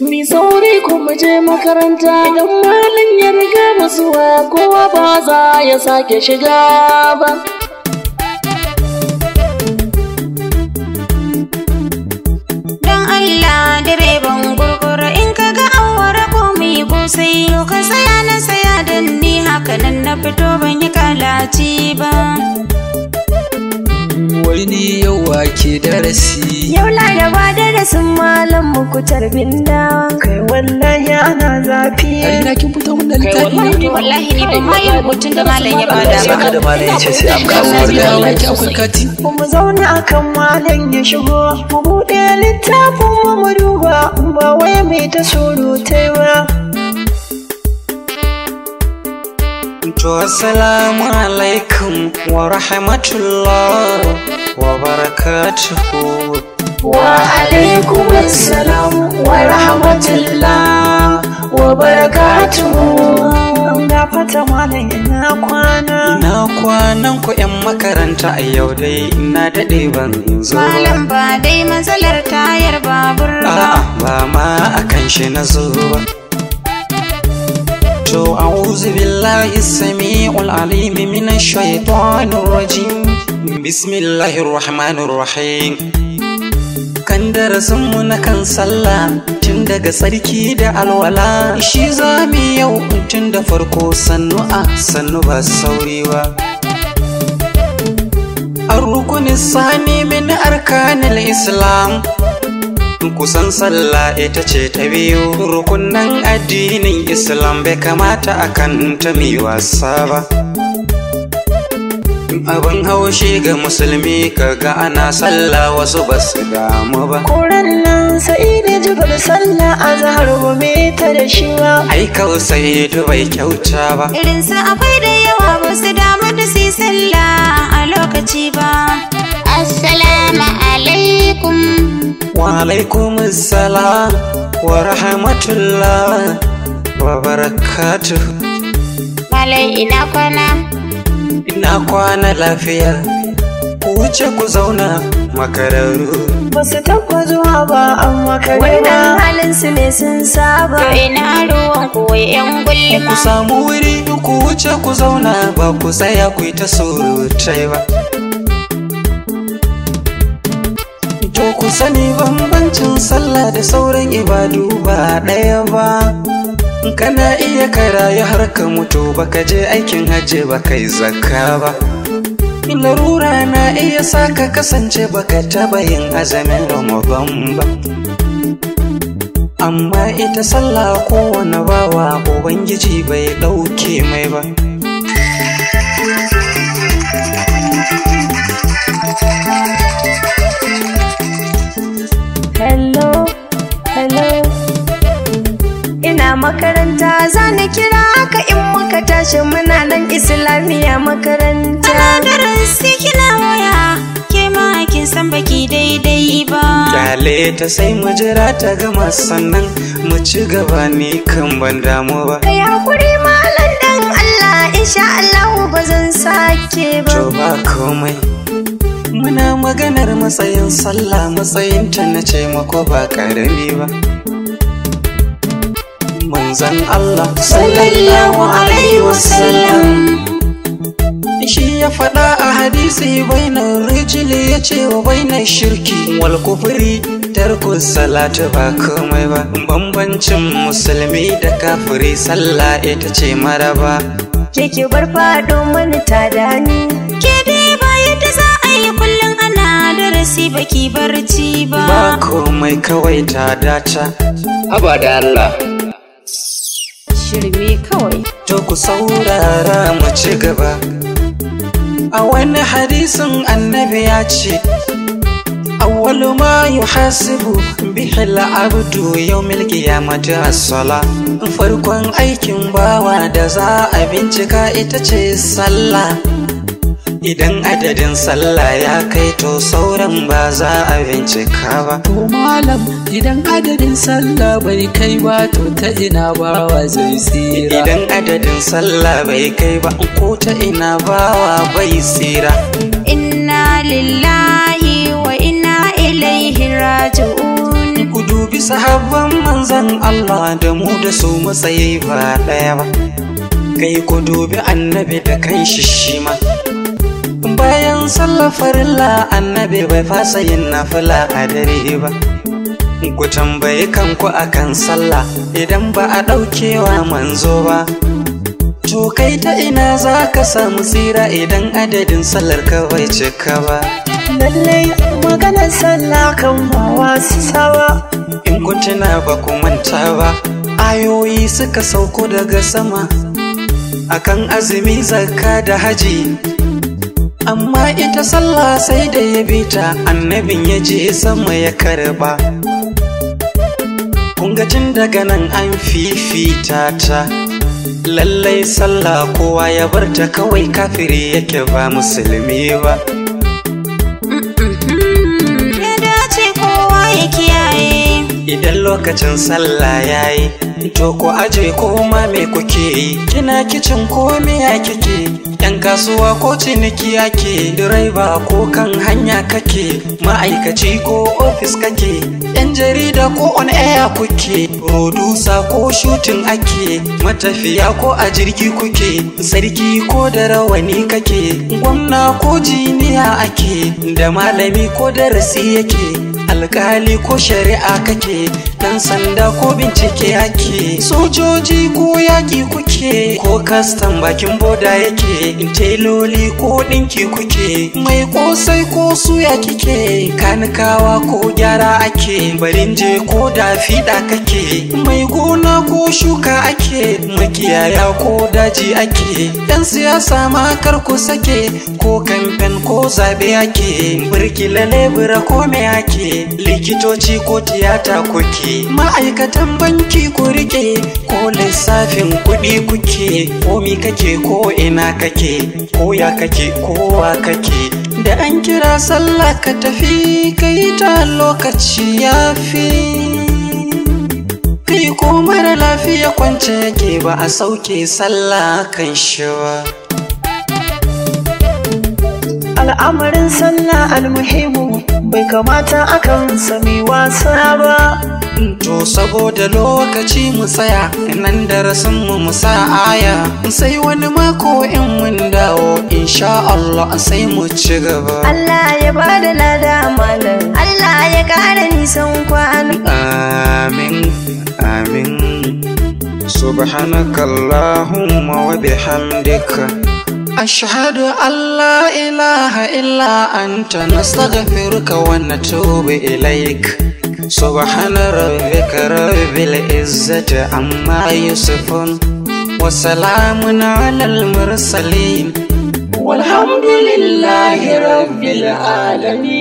Mi sauri kuma je makaranta idan malin ya riga musuwa kowa ba za ya sake shiga ba. Don Allah direban gurgura in ka ga awara ko mai gosai yau ka saya na saya dan ni haka nan na fito ban yi kalaci ba. bini yau wake darasi yau na laraba darasin malam muku tarbin dawa kai wallahi ana zafi kai na kin fita mun da littafi ne wallahi ni ban mai rubutun da malam ya bada ba sai da malam ya ce sai an kawo warda Allah ki akwai kati mu zauna akan malam ya shigo mu bude littafin mu mu duba ba wai mai ta surutai ba To assalamu alaikum wa rahmatullah wa barakatuhu wa alaikum assalam wa rahmatullah wa barakatuhu na fata malam ina kwana ina kwanan ku yan makaranta a yau dai ina dade ban zo malam ba dai matsalar tayar babur ba ba ma akan shi na zo ba to a'udhu billahi samiul alim min ash-shaytanir rajim Bismillahir kan Rahim Kan darasinmu na kan sallah tun daga Sarki da alwala shi mu yau tun da farko sannu a sannu ba sauri ba An rukunin sani min arkanil Islam kusan sallah ita ce ta biyu Rukunin addinin Islam bai kamata a ta mai wasa ba abin haushi ga musulmi ka ga ana sallah wasu ba su damu ba kuran nan sai da jibar sallah a zahar gome ta da shi ba ai sai da bai kyauta ba irin su akwai da yawa ba su damu da su sallah a lokaci ba assalamu alaikum wa alaikum Sala wa rahmatullah wa barakatuh malai ina kwana ina kwana lafiya ku wuce ku zauna makararru ba su taba zuwa ba an makararru wannan halin su ne sun saba to ina ruwan ku wai yan gulma ku samu wuri ku wuce ku zauna ba ku tsaya ku yi ta surutai ba To ku sani bambancin sallah da sauran ibadu ba ɗaya ba. kana iya ka rayu har ka mutu baka je aikin hajje baka yi zakka ba larura na iya sa ka kasance baka taba yin azamin ramadan ba amma ita sallah kowane bawa ubangiji bai ɗauke mai ba ce muna nan islamiyya makaranta Alagarin su kina waya ke ma kin san baki daidai ba Kyale ta sai mu jira ta gama sannan mu ci gaba ne kan ban damu ba Kai hakuri malam dan Allah insha Allah ba zan sake ba To ba komai Muna maganar matsayin sallah matsayin ta na ce mako ba karami ba manzan Allah sallallahu alaihi wasallam shi ya faɗa a hadisi bainar rijili ya ce wa bainar shirki wal kufri tarku salatu ba komai ba bambancin musulmi da kafiri sallah ita ce maraba ke ke bar faɗo mani da ni ke dai ba yadda za a yi kullum ana darasi baki barci ba ba komai kawai ta data haba Allah shirme kawai to ku saurara mu ci gaba a wani hadisin annabi ya ce awwalu ma yuhasibu bihi abdu yau milki ya mace sala farkon aikin bawa da za a bincika ita ce sallah Idan adadin sallah ya kai to sauran ba za a bincika ba. To malam idan adadin sallah bai kai ba to ta ina bawa zai tsira. Idan adadin sallah bai kai ba ko ta ina bawa bai tsira. Inna lillahi wa inna ilaihi raji'un. Ku dubi sahabban manzan Allah da mu da su matsayi ba ɗaya ba. Kai ku dubi annabi da kanshi shi bayan sallar farilla annabi bai fasa yin nafila a dare ba ku tambayi kanku akan sallah idan ba a ɗaukewa manzo ba to kai ta ina za ka samu tsira idan adadin sallar ka bai cika ba lallai maganar sallah kan ba wasu sawa in ku tuna ba ku manta ba ayoyi suka sauko daga sama akan azumi zakka da haji amma ita sallah sai da ya bita annabin ya je sama ya karba kungacin daga nan an fifita ta lallai sallah kowa ya barta kawai kafiri yake ba musulmi ba idan lokacin sallah yayi to ku aje koma me kuke yi kina kicin ko me ya kike yan kasuwa ko ciniki yake direba ko kan hanya kake ma'aikaci ko ofis kake yan jarida ko on air kuke rodusa ko shutin ake matafiya ko a jirgi kuke sarki ko da rawani kake gwamna ko jiniya ake da malami ko darasi yake alkali ko shari'a kake dan sanda ko bincike ake sojoji ko yaki kuke ko kastan bakin boda yake teloli ko ɗinki kuke mai kosai ko suya kike kanikawa ko gyara ake barin je ko da kake mai gona ko shuka ake makiyaya ko daji ake yan siyasa ma kar ku sake ko kamfen ko zabe ake birkila lebura ko me ake likitoci ko tiyata kuke ma'aikatan banki ku rike ko lissafin kuɗi kuke komi kake ko ina kake ko ya kake kowa kake da an kira sallah ka tafi kai ta lokaci ya fi kai ko mara lafiya kwance yake ba a sauke sallah kan shi ba al'amarin sallah almuhimu bai kamata akan sami wasa ba to saboda lokaci mu tsaya nan darasin mu mu sa aya sai wani mako in mun dawo insha Allah sai mu ci gaba Allah ya bada lada malam Allah ya kara nisan kwana amin amin subhanakallahumma wa bihamdika Ashhadu Allah ilaha illa anta nastaghfiruka wa natubu ilayk Subhana rabbika rabbil izzati amma yusifun wa salamun 'alal mursalin walhamdulillahi rabbil alamin